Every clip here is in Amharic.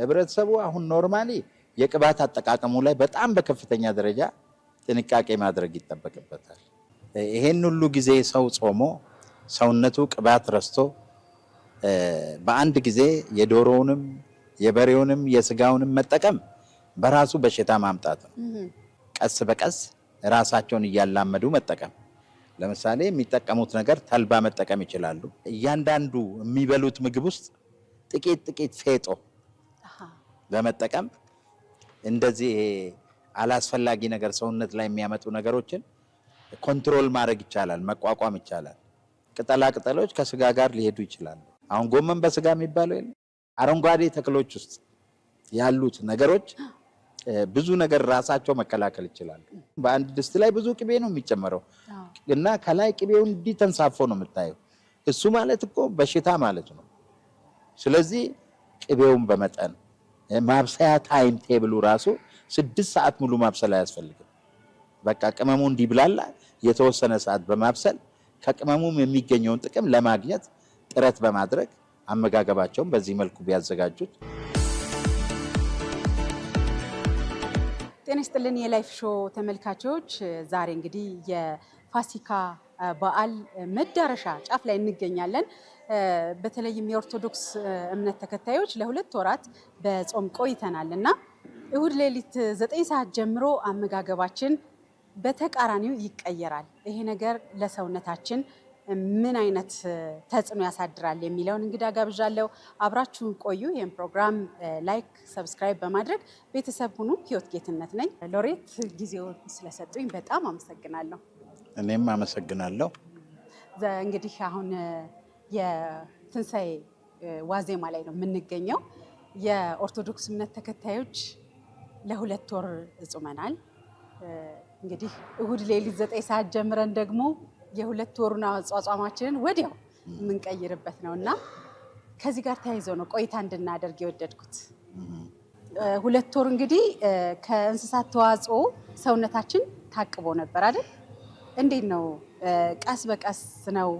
ህብረተሰቡ አሁን ኖርማሊ የቅባት አጠቃቀሙ ላይ በጣም በከፍተኛ ደረጃ ጥንቃቄ ማድረግ ይጠበቅበታል። ይሄን ሁሉ ጊዜ ሰው ጾሞ ሰውነቱ ቅባት ረስቶ በአንድ ጊዜ የዶሮውንም የበሬውንም የስጋውንም መጠቀም በራሱ በሽታ ማምጣት ነው። ቀስ በቀስ ራሳቸውን እያላመዱ መጠቀም። ለምሳሌ የሚጠቀሙት ነገር ተልባ መጠቀም ይችላሉ። እያንዳንዱ የሚበሉት ምግብ ውስጥ ጥቂት ጥቂት ፌጦ በመጠቀም እንደዚህ አላስፈላጊ ነገር ሰውነት ላይ የሚያመጡ ነገሮችን ኮንትሮል ማድረግ ይቻላል፣ መቋቋም ይቻላል። ቅጠላ ቅጠሎች ከስጋ ጋር ሊሄዱ ይችላሉ። አሁን ጎመን በስጋ የሚባለው የለም። አረንጓዴ ተክሎች ውስጥ ያሉት ነገሮች ብዙ ነገር ራሳቸው መከላከል ይችላሉ። በአንድ ድስት ላይ ብዙ ቅቤ ነው የሚጨመረው እና ከላይ ቅቤው እንዲህ ተንሳፎ ነው የምታየው። እሱ ማለት እኮ በሽታ ማለት ነው። ስለዚህ ቅቤውን በመጠን ማብሰያ ታይም ቴብሉ ራሱ ስድስት ሰዓት ሙሉ ማብሰል አያስፈልግም። በቃ ቅመሙ እንዲብላላ የተወሰነ ሰዓት በማብሰል ከቅመሙም የሚገኘውን ጥቅም ለማግኘት ጥረት በማድረግ አመጋገባቸውን በዚህ መልኩ ቢያዘጋጁት። ጤና የላይፍ ሾ ተመልካቾች፣ ዛሬ እንግዲህ የፋሲካ በዓል መዳረሻ ጫፍ ላይ እንገኛለን። በተለይም የኦርቶዶክስ እምነት ተከታዮች ለሁለት ወራት በጾም ቆይተናል እና እሁድ ሌሊት ዘጠኝ ሰዓት ጀምሮ አመጋገባችን በተቃራኒው ይቀየራል። ይሄ ነገር ለሰውነታችን ምን አይነት ተጽዕኖ ያሳድራል የሚለውን እንግዳ ጋብዣለሁ። አብራችሁን ቆዩ። ይህን ፕሮግራም ላይክ፣ ሰብስክራይብ በማድረግ ቤተሰብ ሁኑ። ህይወት ጌትነት ነኝ። ሎሬት ጊዜው ስለሰጡኝ በጣም አመሰግናለሁ። እኔም አመሰግናለሁ። እንግዲህ አሁን የትንሣኤ ዋዜማ ላይ ነው የምንገኘው። የኦርቶዶክስ እምነት ተከታዮች ለሁለት ወር እጹመናል። እንግዲህ እሁድ ሌሊት ዘጠኝ ሰዓት ጀምረን ደግሞ የሁለት ወሩን አጽዋማችንን ወዲያው የምንቀይርበት ነው እና ከዚህ ጋር ተያይዞ ነው ቆይታ እንድናደርግ የወደድኩት። ሁለት ወር እንግዲህ ከእንስሳት ተዋጽኦ ሰውነታችን ታቅቦ ነበር አይደል? እንዴት ነው? ቀስ በቀስ ነው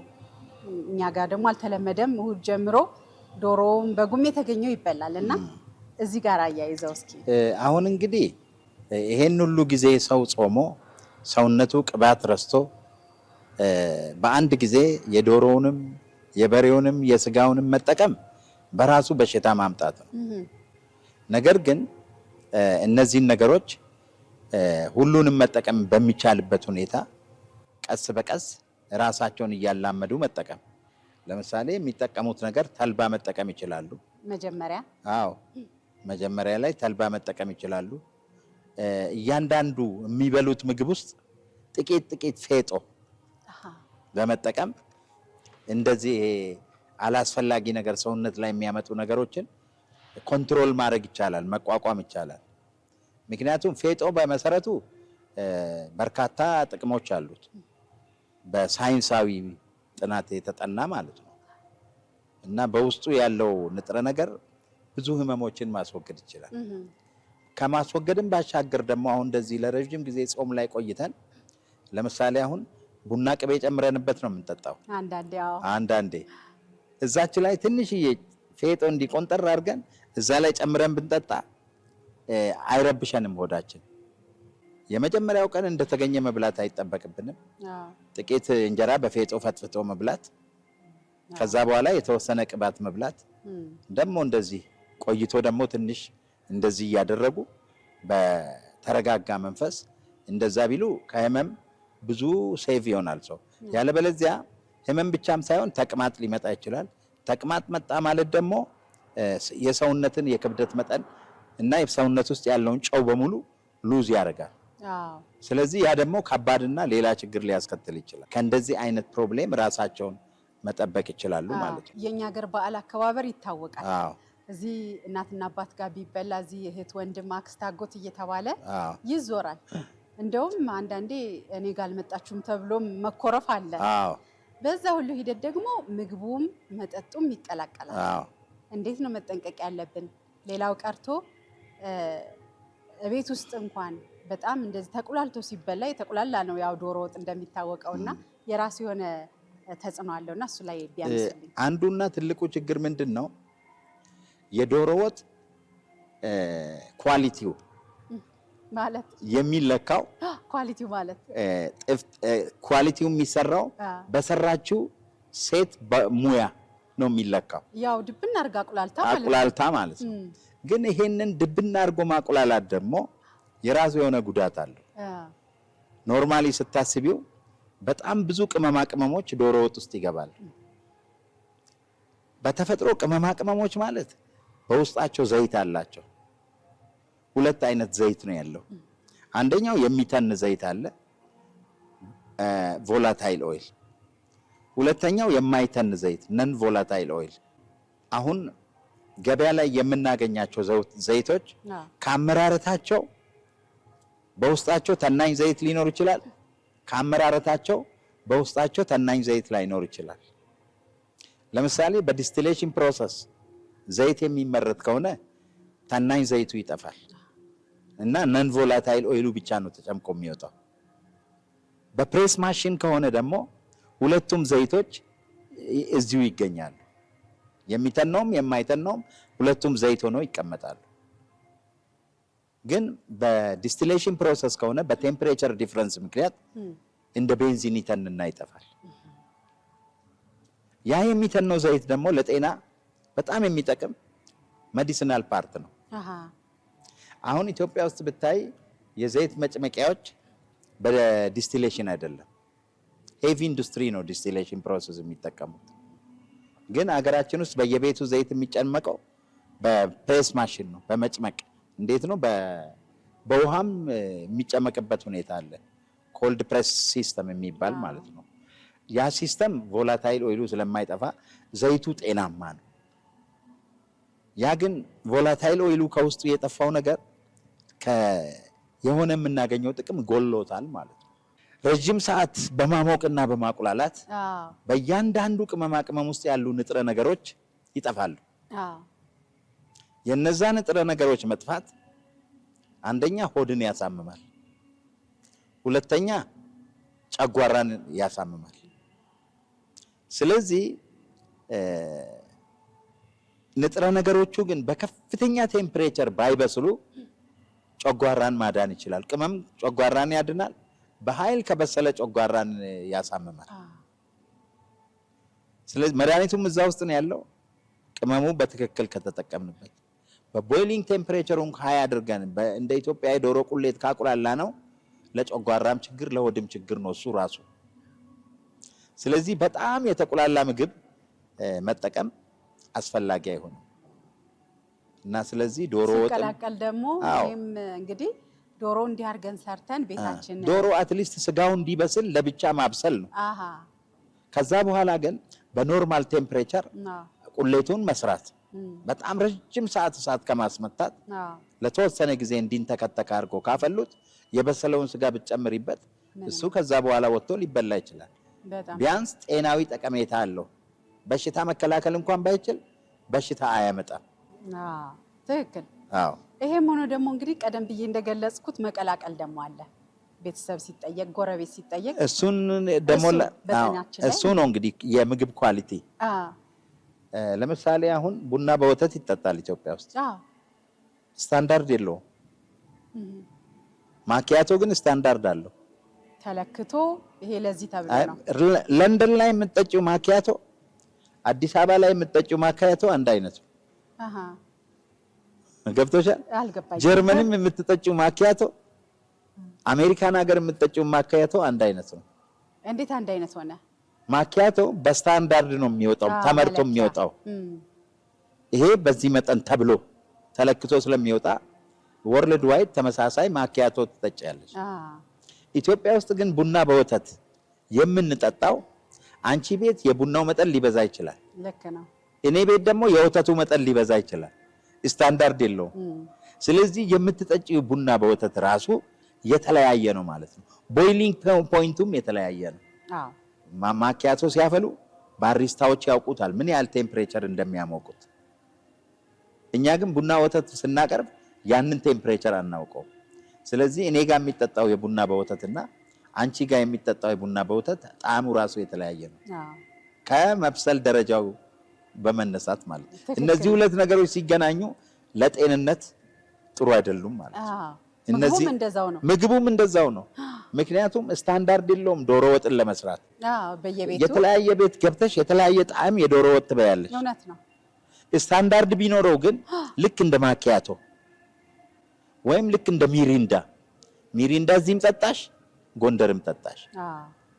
እኛ ጋር ደግሞ አልተለመደም። እሁድ ጀምሮ ዶሮውም በጉም የተገኘው ይበላል እና እዚህ ጋር አያይዘው እስኪ አሁን እንግዲህ ይሄን ሁሉ ጊዜ ሰው ጾሞ ሰውነቱ ቅባት ረስቶ በአንድ ጊዜ የዶሮውንም የበሬውንም የስጋውንም መጠቀም በራሱ በሽታ ማምጣት ነው። ነገር ግን እነዚህን ነገሮች ሁሉንም መጠቀም በሚቻልበት ሁኔታ ቀስ በቀስ ራሳቸውን እያላመዱ መጠቀም። ለምሳሌ የሚጠቀሙት ነገር ተልባ መጠቀም ይችላሉ። መጀመሪያ አዎ፣ መጀመሪያ ላይ ተልባ መጠቀም ይችላሉ። እያንዳንዱ የሚበሉት ምግብ ውስጥ ጥቂት ጥቂት ፌጦ በመጠቀም እንደዚህ አላስፈላጊ ነገር ሰውነት ላይ የሚያመጡ ነገሮችን ኮንትሮል ማድረግ ይቻላል፣ መቋቋም ይቻላል። ምክንያቱም ፌጦ በመሰረቱ በርካታ ጥቅሞች አሉት። በሳይንሳዊ ጥናት የተጠና ማለት ነው እና በውስጡ ያለው ንጥረ ነገር ብዙ ህመሞችን ማስወገድ ይችላል። ከማስወገድም ባሻገር ደግሞ አሁን እንደዚህ ለረዥም ጊዜ ጾም ላይ ቆይተን ለምሳሌ አሁን ቡና ቅቤ ጨምረንበት ነው የምንጠጣው። አንዳንዴ እዛች ላይ ትንሽዬ ፌጦ እንዲቆንጠር አድርገን እዛ ላይ ጨምረን ብንጠጣ አይረብሸንም ሆዳችን። የመጀመሪያው ቀን እንደተገኘ መብላት አይጠበቅብንም። ጥቂት እንጀራ በፌጦ ፈትፍቶ መብላት፣ ከዛ በኋላ የተወሰነ ቅባት መብላት፣ ደግሞ እንደዚህ ቆይቶ ደግሞ ትንሽ እንደዚህ እያደረጉ በተረጋጋ መንፈስ እንደዛ ቢሉ ከህመም ብዙ ሴቭ ይሆናል ሰው። ያለበለዚያ ህመም ብቻም ሳይሆን ተቅማጥ ሊመጣ ይችላል። ተቅማጥ መጣ ማለት ደግሞ የሰውነትን የክብደት መጠን እና የሰውነት ውስጥ ያለውን ጨው በሙሉ ሉዝ ያደርጋል። ስለዚህ ያ ደግሞ ከባድና ሌላ ችግር ሊያስከትል ይችላል። ከእንደዚህ አይነት ፕሮብሌም ራሳቸውን መጠበቅ ይችላሉ ማለት ነው። የእኛ ሀገር በዓል አከባበር ይታወቃል። እዚህ እናትና አባት ጋር ቢበላ እዚህ እህት፣ ወንድም፣ አክስት፣ አጎት እየተባለ ይዞራል። እንደውም አንዳንዴ እኔ ጋር አልመጣችሁም ተብሎም መኮረፍ አለ። በዛ ሁሉ ሂደት ደግሞ ምግቡም መጠጡም ይቀላቀላል። እንዴት ነው መጠንቀቅ ያለብን? ሌላው ቀርቶ ቤት ውስጥ እንኳን በጣም እንደዚህ ተቁላልቶ ሲበላ የተቁላላ ነው ያው ዶሮ ወጥ እንደሚታወቀው እና የራሱ የሆነ ተጽዕኖ አለው እና እሱ ላይ ቢያንስልኝ አንዱና ትልቁ ችግር ምንድን ነው? የዶሮ ወጥ ኳሊቲው ማለት የሚለካው ኳሊቲው ማለት ኳሊቲው የሚሰራው በሰራችው ሴት ሙያ ነው የሚለካው። ያው ድብና አርጋ አቁላልታ ማለት ነው። ግን ይሄንን ድብና አርጎ ማቁላላት ደግሞ የራሱ የሆነ ጉዳት አለው። ኖርማሊ ስታስቢው በጣም ብዙ ቅመማ ቅመሞች ዶሮ ወጥ ውስጥ ይገባል። በተፈጥሮ ቅመማ ቅመሞች ማለት በውስጣቸው ዘይት አላቸው። ሁለት አይነት ዘይት ነው ያለው። አንደኛው የሚተን ዘይት አለ፣ ቮላታይል ኦይል። ሁለተኛው የማይተን ዘይት ነን ቮላታይል ኦይል። አሁን ገበያ ላይ የምናገኛቸው ዘይቶች ከአመራረታቸው በውስጣቸው ተናኝ ዘይት ሊኖር ይችላል። ከአመራረታቸው በውስጣቸው ተናኝ ዘይት ላይኖር ይችላል። ለምሳሌ በዲስቲሌሽን ፕሮሰስ ዘይት የሚመረት ከሆነ ተናኝ ዘይቱ ይጠፋል እና ነን ቮላታይል ኦይሉ ብቻ ነው ተጨምቆ የሚወጣው። በፕሬስ ማሽን ከሆነ ደግሞ ሁለቱም ዘይቶች እዚሁ ይገኛሉ። የሚተነውም የማይተነውም ሁለቱም ዘይት ሆነው ይቀመጣሉ። ግን በዲስቲሌሽን ፕሮሰስ ከሆነ በቴምፕሬቸር ዲፍረንስ ምክንያት እንደ ቤንዚን ይተንና ይጠፋል። ያ የሚተነው ዘይት ደግሞ ለጤና በጣም የሚጠቅም መዲሲናል ፓርት ነው። አሁን ኢትዮጵያ ውስጥ ብታይ የዘይት መጭመቂያዎች በዲስቲሌሽን አይደለም፣ ሄቪ ኢንዱስትሪ ነው ዲስቲሌሽን ፕሮሰስ የሚጠቀሙት። ግን አገራችን ውስጥ በየቤቱ ዘይት የሚጨመቀው በፕሬስ ማሽን ነው፣ በመጭመቅ እንዴት ነው? በውሃም የሚጨመቅበት ሁኔታ አለ። ኮልድ ፕሬስ ሲስተም የሚባል ማለት ነው። ያ ሲስተም ቮላታይል ኦይሉ ስለማይጠፋ ዘይቱ ጤናማ ነው። ያ ግን ቮላታይል ኦይሉ ከውስጡ የጠፋው ነገር የሆነ የምናገኘው ጥቅም ጎሎታል ማለት ነው። ረዥም ሰዓት በማሞቅና በማቁላላት በእያንዳንዱ ቅመማ ቅመም ውስጥ ያሉ ንጥረ ነገሮች ይጠፋሉ። የነዛ ንጥረ ነገሮች መጥፋት አንደኛ ሆድን ያሳምማል፣ ሁለተኛ ጨጓራን ያሳምማል። ስለዚህ ንጥረ ነገሮቹ ግን በከፍተኛ ቴምፕሬቸር ባይበስሉ ጨጓራን ማዳን ይችላል። ቅመም ጨጓራን ያድናል። በኃይል ከበሰለ ጨጓራን ያሳምማል። ስለዚህ መድኃኒቱም እዛ ውስጥ ነው ያለው፣ ቅመሙ በትክክል ከተጠቀምንበት በቦይሊንግ ቴምፕሬቸሩን ሀይ አድርገን እንደ ኢትዮጵያ የዶሮ ቁሌት ካቁላላ ነው ለጨጓራም ችግር ለሆድም ችግር ነው እሱ ራሱ። ስለዚህ በጣም የተቁላላ ምግብ መጠቀም አስፈላጊ አይሆንም እና ስለዚህ ዶሮ ወጥ ደግሞ ወይም እንግዲህ ዶሮ እንዲያርገን ሰርተን ቤታችን ዶሮ አትሊስት ስጋው እንዲበስል ለብቻ ማብሰል ነው። ከዛ በኋላ ግን በኖርማል ቴምፕሬቸር ቁሌቱን መስራት በጣም ረጅም ሰዓት እሳት ከማስመታት ለተወሰነ ጊዜ እንዲንተከተከ አድርጎ ካፈሉት የበሰለውን ስጋ ብትጨምሪበት እሱ ከዛ በኋላ ወጥቶ ሊበላ ይችላል። ቢያንስ ጤናዊ ጠቀሜታ አለው። በሽታ መከላከል እንኳን ባይችል በሽታ አያመጣም። ትክክል። ይሄም ሆኖ ደግሞ እንግዲህ ቀደም ብዬ እንደገለጽኩት መቀላቀል ደግሞ አለ። ቤተሰብ ሲጠየቅ፣ ጎረቤት ሲጠየቅ እሱን ደግሞ እሱ ነው እንግዲህ የምግብ ኳሊቲ ለምሳሌ አሁን ቡና በወተት ይጠጣል ኢትዮጵያ ውስጥ ስታንዳርድ የለውም። ማኪያቶ ግን ስታንዳርድ አለው ተለክቶ ይሄ ለዚህ ተብሎ ነው። ለንደን ላይ የምትጠጪው ማኪያቶ አዲስ አበባ ላይ የምትጠጪው ማኪያቶ አንድ አይነት ነው። አሃ ገብቶሻል። ጀርመንም የምትጠጪው ማኪያቶ አሜሪካን ሀገር የምትጠጪው ማኪያቶ አንድ አይነት ነው። እንዴት አንድ አይነት ሆነ? ማኪያቶ በስታንዳርድ ነው የሚወጣው፣ ተመርቶ የሚወጣው ይሄ በዚህ መጠን ተብሎ ተለክቶ ስለሚወጣ ወርልድ ዋይድ ተመሳሳይ ማኪያቶ ትጠጫለች። ኢትዮጵያ ውስጥ ግን ቡና በወተት የምንጠጣው አንቺ ቤት የቡናው መጠን ሊበዛ ይችላል፣ እኔ ቤት ደግሞ የወተቱ መጠን ሊበዛ ይችላል። ስታንዳርድ የለውም። ስለዚህ የምትጠጪው ቡና በወተት ራሱ የተለያየ ነው ማለት ነው። ቦይሊንግ ፖይንቱም የተለያየ ነው። ማኪያቶ ሲያፈሉ ባሪስታዎች ያውቁታል ምን ያህል ቴምፕሬቸር እንደሚያሞቁት። እኛ ግን ቡና ወተት ስናቀርብ ያንን ቴምፕሬቸር አናውቀው። ስለዚህ እኔ ጋር የሚጠጣው የቡና በወተትና አንቺ ጋር የሚጠጣው የቡና በወተት ጣዕሙ ራሱ የተለያየ ነው፣ ከመብሰል ደረጃው በመነሳት ማለት ነው። እነዚህ ሁለት ነገሮች ሲገናኙ ለጤንነት ጥሩ አይደሉም ማለት ነው። እነዚህ ምግቡም እንደዛው ነው። ምክንያቱም ስታንዳርድ የለውም ዶሮ ወጥን ለመስራት። የተለያየ ቤት ገብተሽ የተለያየ ጣዕም የዶሮ ወጥ ትበያለሽ። ስታንዳርድ ቢኖረው ግን ልክ እንደ ማኪያቶ ወይም ልክ እንደ ሚሪንዳ ሚሪንዳ እዚህም ጠጣሽ፣ ጎንደርም ጠጣሽ፣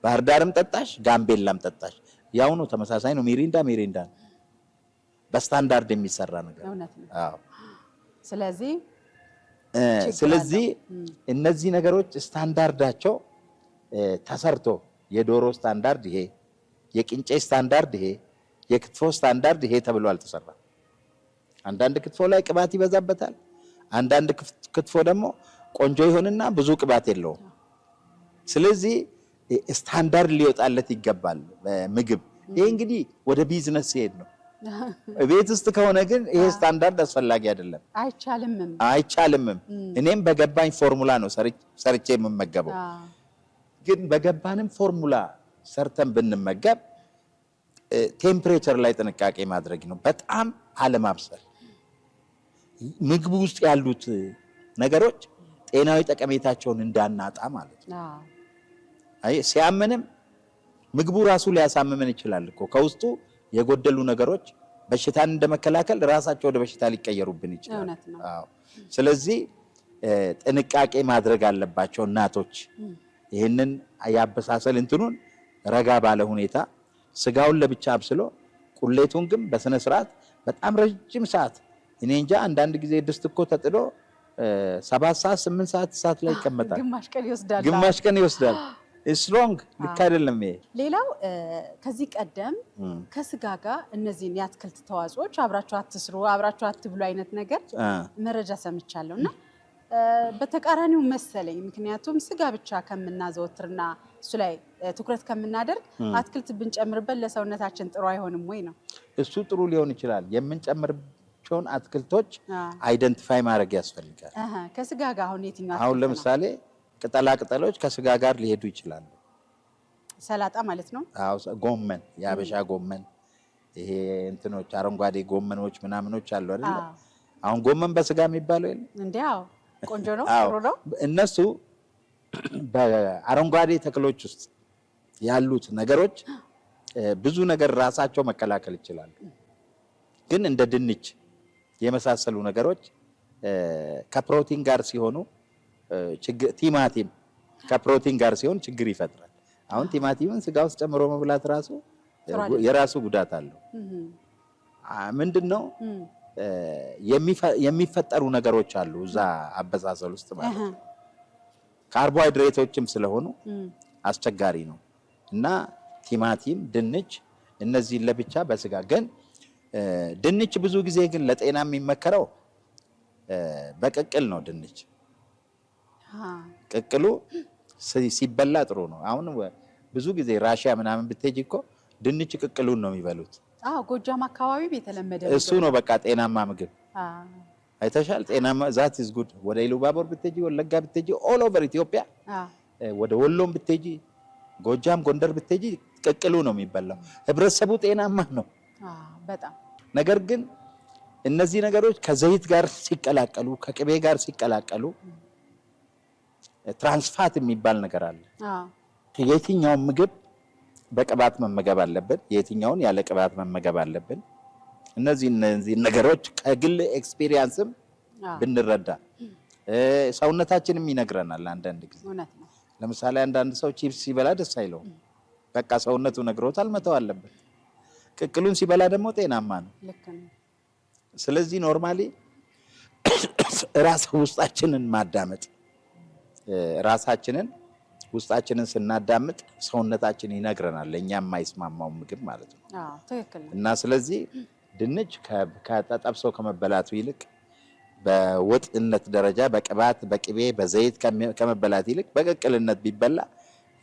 ባህር ዳርም ጠጣሽ፣ ጋምቤላም ጠጣሽ፣ ያውኑ ተመሳሳይ ነው። ሚሪንዳ ሚሪንዳ ነው፣ በስታንዳርድ የሚሰራ ነገር። ስለዚህ ስለዚህ እነዚህ ነገሮች ስታንዳርዳቸው ተሰርቶ የዶሮ ስታንዳርድ ይሄ፣ የቅንጬ ስታንዳርድ ይሄ፣ የክትፎ ስታንዳርድ ይሄ ተብሎ አልተሰራም። አንዳንድ ክትፎ ላይ ቅባት ይበዛበታል። አንዳንድ ክትፎ ደግሞ ቆንጆ ይሆንና ብዙ ቅባት የለውም። ስለዚህ ስታንዳርድ ሊወጣለት ይገባል ምግብ። ይሄ እንግዲህ ወደ ቢዝነስ ሲሄድ ነው። ቤት ውስጥ ከሆነ ግን ይሄ ስታንዳርድ አስፈላጊ አይደለም፣ አይቻልምም አይቻልምም። እኔም በገባኝ ፎርሙላ ነው ሰርቼ የምመገበው። ግን በገባንም ፎርሙላ ሰርተን ብንመገብ ቴምፕሬቸር ላይ ጥንቃቄ ማድረግ ነው። በጣም አለማብሰል። ምግቡ ውስጥ ያሉት ነገሮች ጤናዊ ጠቀሜታቸውን እንዳናጣ ማለት ነው። ሲያምንም ምግቡ ራሱ ሊያሳምምን ይችላል እኮ ከውስጡ የጎደሉ ነገሮች በሽታን እንደመከላከል ራሳቸው ወደ በሽታ ሊቀየሩብን ይችላል። ስለዚህ ጥንቃቄ ማድረግ አለባቸው እናቶች። ይህንን ያበሳሰል እንትኑን ረጋ ባለ ሁኔታ ስጋውን ለብቻ አብስሎ ቁሌቱን ግን በስነ ስርዓት በጣም ረጅም ሰዓት እኔ እንጃ አንዳንድ ጊዜ ድስት እኮ ተጥዶ ሰባት ሰዓት ስምንት ሰዓት ሰዓት ላይ ይቀመጣል። ግማሽ ቀን ይወስዳል። ስትሮንግ ልክ አይደለም። ይሄ ሌላው ከዚህ ቀደም ከስጋ ጋር እነዚህን የአትክልት ተዋጽኦች አብራችሁ አትስሩ፣ አብራችሁ አትብሉ አይነት ነገር መረጃ ሰምቻለሁ እና በተቃራኒው መሰለኝ። ምክንያቱም ስጋ ብቻ ከምናዘወትርና እሱ ላይ ትኩረት ከምናደርግ አትክልት ብንጨምርበት ለሰውነታችን ጥሩ አይሆንም ወይ ነው? እሱ ጥሩ ሊሆን ይችላል። የምንጨምርቸውን አትክልቶች አይደንቲፋይ ማድረግ ያስፈልጋል። ከስጋ ጋር አሁን የትኛው አሁን ለምሳሌ ቅጠላ ቅጠሎች ከስጋ ጋር ሊሄዱ ይችላሉ። ሰላጣ ማለት ነው። አዎ፣ ጎመን፣ የአበሻ ጎመን ይሄ እንትኖች አረንጓዴ ጎመኖች ምናምኖች አሉ አይደል? አሁን ጎመን በስጋ የሚባለው የለም እንዴ? አዎ፣ ቆንጆ ነው፣ ጥሩ ነው። እነሱ በአረንጓዴ ተክሎች ውስጥ ያሉት ነገሮች ብዙ ነገር ራሳቸው መከላከል ይችላሉ። ግን እንደ ድንች የመሳሰሉ ነገሮች ከፕሮቲን ጋር ሲሆኑ ቲማቲም ከፕሮቲን ጋር ሲሆን ችግር ይፈጥራል። አሁን ቲማቲምን ስጋ ውስጥ ጨምሮ መብላት ራሱ የራሱ ጉዳት አለው። ምንድን ነው የሚፈጠሩ ነገሮች አሉ እዛ አበሳሰል ውስጥ ማለት ነው። ካርቦሃይድሬቶችም ስለሆኑ አስቸጋሪ ነው እና ቲማቲም፣ ድንች እነዚህን ለብቻ በስጋ ግን ድንች ብዙ ጊዜ ግን ለጤና የሚመከረው በቅቅል ነው ድንች ቅቅሉ ሲበላ ጥሩ ነው። አሁን ብዙ ጊዜ ራሽያ ምናምን ብትሄጅ እኮ ድንች ቅቅሉን ነው የሚበሉት። ጎጃም አካባቢ የተለመደ እሱ ነው። በቃ ጤናማ ምግብ አይተሻል። ጤናማ ዛት ኢዝ ጉድ። ወደ ኢሉባቦር ብትሄጂ፣ ወለጋ ብትሄጂ፣ ኦል ኦቨር ኢትዮጵያ ወደ ወሎም ብትሄጂ፣ ጎጃም ጎንደር ብትሄጂ ቅቅሉ ነው የሚበላው። ህብረተሰቡ ጤናማ ነው በጣም ነገር ግን እነዚህ ነገሮች ከዘይት ጋር ሲቀላቀሉ ከቅቤ ጋር ሲቀላቀሉ ትራንስፋት የሚባል ነገር አለ። የትኛውን ምግብ በቅባት መመገብ አለብን፣ የትኛውን ያለ ቅባት መመገብ አለብን። እነዚህ እነዚህ ነገሮች ከግል ኤክስፒሪየንስም ብንረዳ ሰውነታችንም ይነግረናል። አንዳንድ ጊዜ ለምሳሌ አንዳንድ ሰው ቺፕስ ሲበላ ደስ አይለውም። በቃ ሰውነቱ ነግሮታል፣ መተው አለበት። ቅቅሉን ሲበላ ደግሞ ጤናማ ነው። ስለዚህ ኖርማሊ ራስ ውስጣችንን ማዳመጥ ራሳችንን ውስጣችንን ስናዳምጥ ሰውነታችን ይነግረናል ለእኛ የማይስማማው ምግብ ማለት ነው እና ስለዚህ ድንች ተጠብሶ ከመበላቱ ይልቅ በወጥነት ደረጃ በቅባት በቅቤ በዘይት ከመበላት ይልቅ በቅቅልነት ቢበላ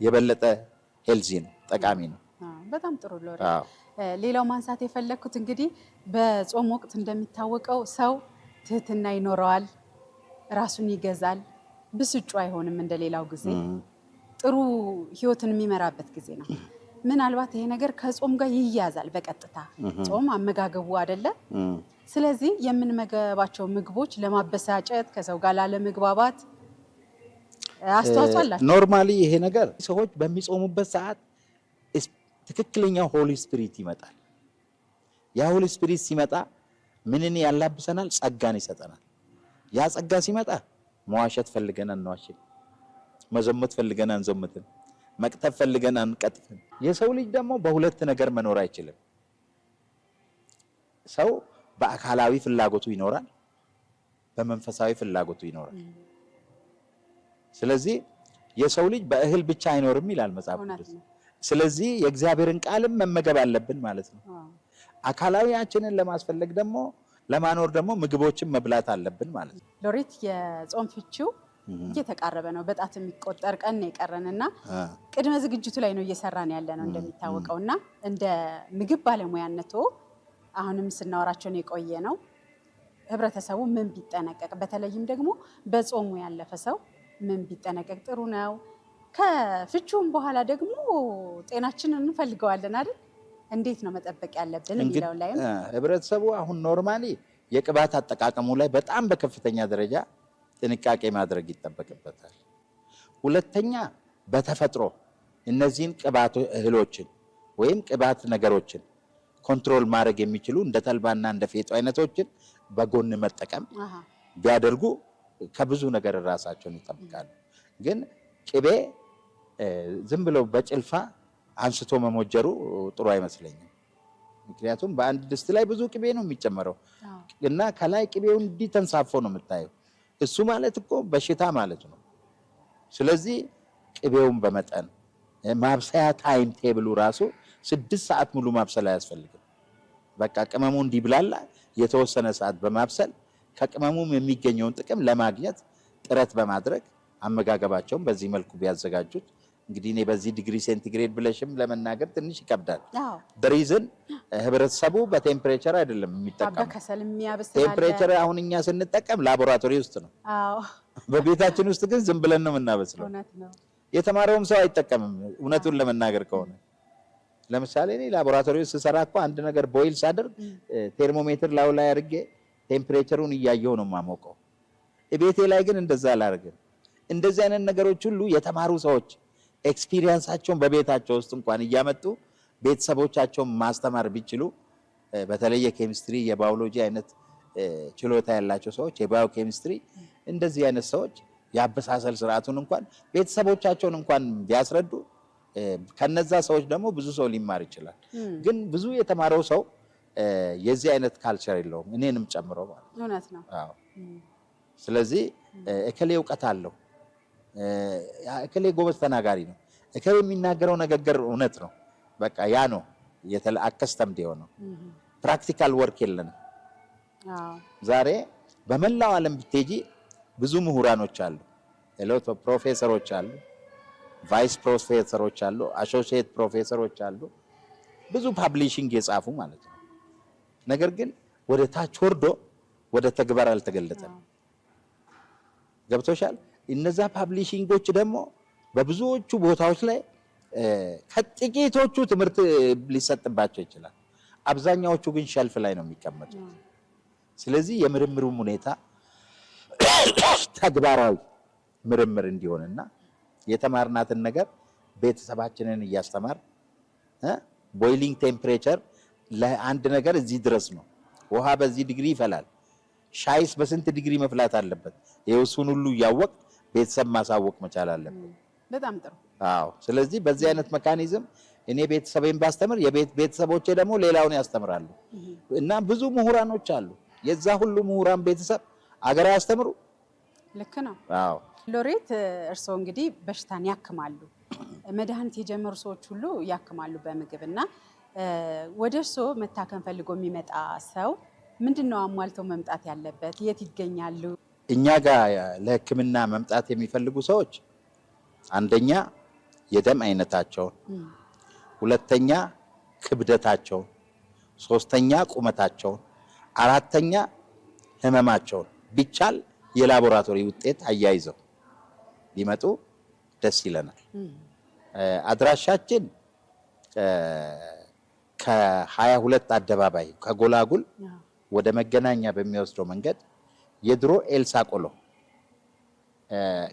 የበለጠ ሄልዚ ነው፣ ጠቃሚ ነው። በጣም ጥሩ። ሌላው ማንሳት የፈለግኩት እንግዲህ በጾም ወቅት እንደሚታወቀው ሰው ትህትና ይኖረዋል፣ ራሱን ይገዛል። ብስጩ አይሆንም እንደሌላው ጊዜ ጥሩ ህይወትን የሚመራበት ጊዜ ነው። ምናልባት ይሄ ነገር ከጾም ጋር ይያዛል በቀጥታ ጾም አመጋገቡ አይደለ? ስለዚህ የምንመገባቸው ምግቦች ለማበሳጨት፣ ከሰው ጋር ላለመግባባት አስተዋጽኦ አላቸው። ኖርማሊ ይሄ ነገር ሰዎች በሚጾሙበት ሰዓት ትክክለኛው ሆሊ ስፒሪት ይመጣል። ያ ሆሊ ስፒሪት ሲመጣ ምንን ያላብሰናል? ጸጋን ይሰጠናል። ያ ጸጋ ሲመጣ መዋሸት ፈልገን አንዋሽም። መዘመት ፈልገን አንዘምትም። መቅጠፍ ፈልገን አንቀጥፍን የሰው ልጅ ደግሞ በሁለት ነገር መኖር አይችልም። ሰው በአካላዊ ፍላጎቱ ይኖራል፣ በመንፈሳዊ ፍላጎቱ ይኖራል። ስለዚህ የሰው ልጅ በእህል ብቻ አይኖርም ይላል መጽሐፍ ቅዱስ። ስለዚህ የእግዚአብሔርን ቃልም መመገብ አለብን ማለት ነው። አካላዊያችንን ለማስፈለግ ደግሞ ለማኖር ደግሞ ምግቦችን መብላት አለብን ማለት ነው። ሎሪት የጾም ፍቺው እየተቃረበ ነው። በጣት የሚቆጠር ቀን ነው የቀረን እና ቅድመ ዝግጅቱ ላይ ነው እየሰራን ያለ ነው እንደሚታወቀው እና እንደ ምግብ ባለሙያነቶ አሁንም ስናወራቸውን የቆየ ነው። ህብረተሰቡ ምን ቢጠነቀቅ፣ በተለይም ደግሞ በጾሙ ያለፈ ሰው ምን ቢጠነቀቅ ጥሩ ነው? ከፍቹም በኋላ ደግሞ ጤናችንን እንፈልገዋለን አይደል? እንዴት ነው መጠበቅ ያለብን የሚለው ላይ ህብረተሰቡ አሁን ኖርማሊ የቅባት አጠቃቀሙ ላይ በጣም በከፍተኛ ደረጃ ጥንቃቄ ማድረግ ይጠበቅበታል። ሁለተኛ በተፈጥሮ እነዚህን ቅባት እህሎችን ወይም ቅባት ነገሮችን ኮንትሮል ማድረግ የሚችሉ እንደ ተልባና እንደ ፌጦ አይነቶችን በጎን መጠቀም ቢያደርጉ ከብዙ ነገር ራሳቸውን ይጠብቃሉ። ግን ቅቤ ዝም ብለው በጭልፋ አንስቶ መሞጀሩ ጥሩ አይመስለኝም። ምክንያቱም በአንድ ድስት ላይ ብዙ ቅቤ ነው የሚጨመረው እና ከላይ ቅቤው እንዲህ ተንሳፎ ነው የምታየው። እሱ ማለት እኮ በሽታ ማለት ነው። ስለዚህ ቅቤውን በመጠን ማብሰያ ታይም ቴብሉ ራሱ ስድስት ሰዓት ሙሉ ማብሰል አያስፈልግም። በቃ ቅመሙ እንዲብላላ የተወሰነ ሰዓት በማብሰል ከቅመሙም የሚገኘውን ጥቅም ለማግኘት ጥረት በማድረግ አመጋገባቸውን በዚህ መልኩ ቢያዘጋጁት እንግዲህ እኔ በዚህ ዲግሪ ሴንቲግሬድ ብለሽም ለመናገር ትንሽ ይከብዳል። በሪዝን ህብረተሰቡ በቴምፕሬቸር አይደለም የሚጠቀመው። ቴምፕሬቸር አሁን እኛ ስንጠቀም ላቦራቶሪ ውስጥ ነው። በቤታችን ውስጥ ግን ዝም ብለን ነው የምናበስለው። የተማረውም ሰው አይጠቀምም። እውነቱን ለመናገር ከሆነ ለምሳሌ እኔ ላቦራቶሪ ውስጥ ስሰራ እኮ አንድ ነገር ቦይል ሳደርግ ቴርሞሜትር ላዩ ላይ አድርጌ ቴምፕሬቸሩን እያየሁ ነው የማሞቀው። ቤቴ ላይ ግን እንደዛ አላደርግም። እንደዚህ አይነት ነገሮች ሁሉ የተማሩ ሰዎች ኤክስፒሪየንሳቸውን በቤታቸው ውስጥ እንኳን እያመጡ ቤተሰቦቻቸውን ማስተማር ቢችሉ በተለይ የኬሚስትሪ የባዮሎጂ አይነት ችሎታ ያላቸው ሰዎች የባዮ ኬሚስትሪ እንደዚህ አይነት ሰዎች የአበሳሰል ስርዓቱን እንኳን ቤተሰቦቻቸውን እንኳን ቢያስረዱ ከነዛ ሰዎች ደግሞ ብዙ ሰው ሊማር ይችላል። ግን ብዙ የተማረው ሰው የዚህ አይነት ካልቸር የለውም፣ እኔንም ጨምሮ ማለት ነው። ስለዚህ እከሌ እውቀት አለው እከሌ ጎበዝ ተናጋሪ ነው፣ እከሌ የሚናገረው ነገገር እውነት ነው። በቃ ያ ነው የተለአከስተምድ የሆነው ፕራክቲካል ወርክ የለንም። ዛሬ በመላው ዓለም ብትሄጂ ብዙ ምሁራኖች አሉ፣ ፕሮፌሰሮች አሉ፣ ቫይስ ፕሮፌሰሮች አሉ፣ አሶሲየት ፕሮፌሰሮች አሉ፣ ብዙ ፓብሊሽንግ የጻፉ ማለት ነው። ነገር ግን ወደ ታች ወርዶ ወደ ተግባር አልተገለጠም። ገብቶሻል? እነዛ ፓብሊሽንጎች ደግሞ በብዙዎቹ ቦታዎች ላይ ከጥቂቶቹ ትምህርት ሊሰጥባቸው ይችላል። አብዛኛዎቹ ግን ሸልፍ ላይ ነው የሚቀመጡት። ስለዚህ የምርምሩም ሁኔታ ተግባራዊ ምርምር እንዲሆንና የተማርናትን ነገር ቤተሰባችንን እያስተማር ቦይሊንግ ቴምፕሬቸር ለአንድ ነገር እዚህ ድረስ ነው። ውሃ በዚህ ዲግሪ ይፈላል። ሻይስ በስንት ዲግሪ መፍላት አለበት? የውሱን እሱን ሁሉ እያወቅ ቤተሰብ ማሳወቅ መቻል አለብን። በጣም ጥሩ። አዎ። ስለዚህ በዚህ አይነት መካኒዝም እኔ ቤተሰቤን ባስተምር ቤተሰቦቼ ደግሞ ሌላውን ያስተምራሉ እና ብዙ ምሁራኖች አሉ። የዛ ሁሉ ምሁራን ቤተሰብ አገር ያስተምሩ። ልክ ነው። አዎ። ሎሬት እርስዎ እንግዲህ በሽታን ያክማሉ፣ መድኃኒት የጀመሩ ሰዎች ሁሉ ያክማሉ በምግብ እና ወደ እርስዎ መታከም ፈልጎ የሚመጣ ሰው ምንድን ነው አሟልተው መምጣት ያለበት? የት ይገኛሉ? እኛ ጋር ለሕክምና መምጣት የሚፈልጉ ሰዎች አንደኛ የደም አይነታቸውን፣ ሁለተኛ ክብደታቸውን፣ ሶስተኛ ቁመታቸውን፣ አራተኛ ህመማቸውን ቢቻል የላቦራቶሪ ውጤት አያይዘው ሊመጡ ደስ ይለናል። አድራሻችን ከሀያ ሁለት አደባባይ ከጎላጉል ወደ መገናኛ በሚወስደው መንገድ የድሮ ኤልሳ ቆሎ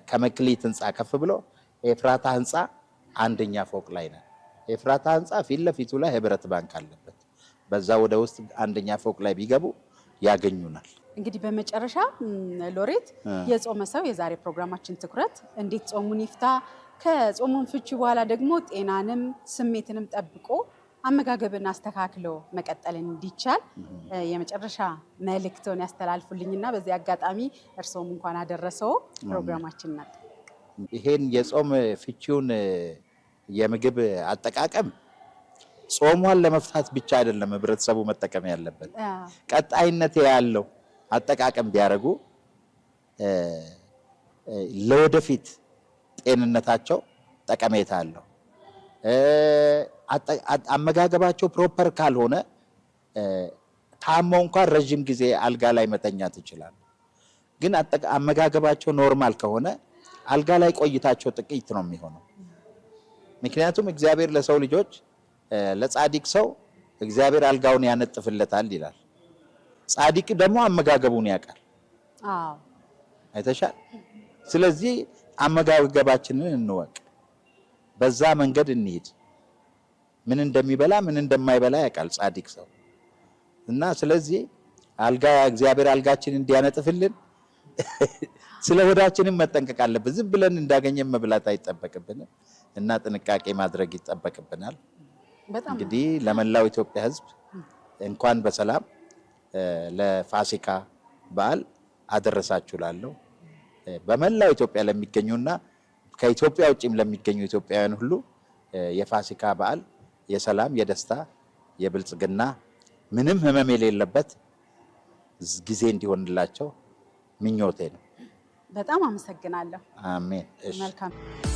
ከመክሊት ህንፃ ከፍ ብሎ ኤፍራታ ህንፃ አንደኛ ፎቅ ላይ ነን። ኤፍራታ ህንፃ ፊት ለፊቱ ላይ ህብረት ባንክ አለበት። በዛ ወደ ውስጥ አንደኛ ፎቅ ላይ ቢገቡ ያገኙናል። እንግዲህ በመጨረሻ ሎሬት የጾመ ሰው የዛሬ ፕሮግራማችን ትኩረት እንዴት ጾሙን ይፍታ፣ ከጾሙን ፍቺ በኋላ ደግሞ ጤናንም ስሜትንም ጠብቆ አመጋገብን አስተካክሎ መቀጠል እንዲቻል የመጨረሻ መልእክቶን ያስተላልፉልኝና በዚህ አጋጣሚ እርስዎም እንኳን አደረሰው ፕሮግራማችን ናት። ይሄን የጾም ፍቺውን የምግብ አጠቃቀም ጾሟን ለመፍታት ብቻ አይደለም ህብረተሰቡ መጠቀም ያለበት ቀጣይነት ያለው አጠቃቀም ቢያደርጉ ለወደፊት ጤንነታቸው ጠቀሜታ አለው። አመጋገባቸው ፕሮፐር ካልሆነ ታሞ እንኳን ረዥም ጊዜ አልጋ ላይ መተኛት ይችላሉ። ግን አመጋገባቸው ኖርማል ከሆነ አልጋ ላይ ቆይታቸው ጥቂት ነው የሚሆነው። ምክንያቱም እግዚአብሔር ለሰው ልጆች ለጻዲቅ ሰው እግዚአብሔር አልጋውን ያነጥፍለታል ይላል። ጻዲቅ ደግሞ አመጋገቡን ያውቃል። አይተሻል። ስለዚህ አመጋገባችንን እንወቅ፣ በዛ መንገድ እንሂድ። ምን እንደሚበላ ምን እንደማይበላ ያውቃል ጻድቅ ሰው እና ስለዚህ አልጋ እግዚአብሔር አልጋችን እንዲያነጥፍልን ስለ ሆዳችንም መጠንቀቅ አለብን። ዝም ብለን እንዳገኘን መብላት አይጠበቅብንም እና ጥንቃቄ ማድረግ ይጠበቅብናል። እንግዲህ ለመላው ኢትዮጵያ ሕዝብ እንኳን በሰላም ለፋሲካ በዓል አደረሳችሁ ላለሁ በመላው ኢትዮጵያ ለሚገኙና ከኢትዮጵያ ውጭም ለሚገኙ ኢትዮጵያውያን ሁሉ የፋሲካ በዓል የሰላም፣ የደስታ፣ የብልጽግና ምንም ህመም የሌለበት ጊዜ እንዲሆንላቸው ምኞቴ ነው። በጣም አመሰግናለሁ። አሜን። መልካም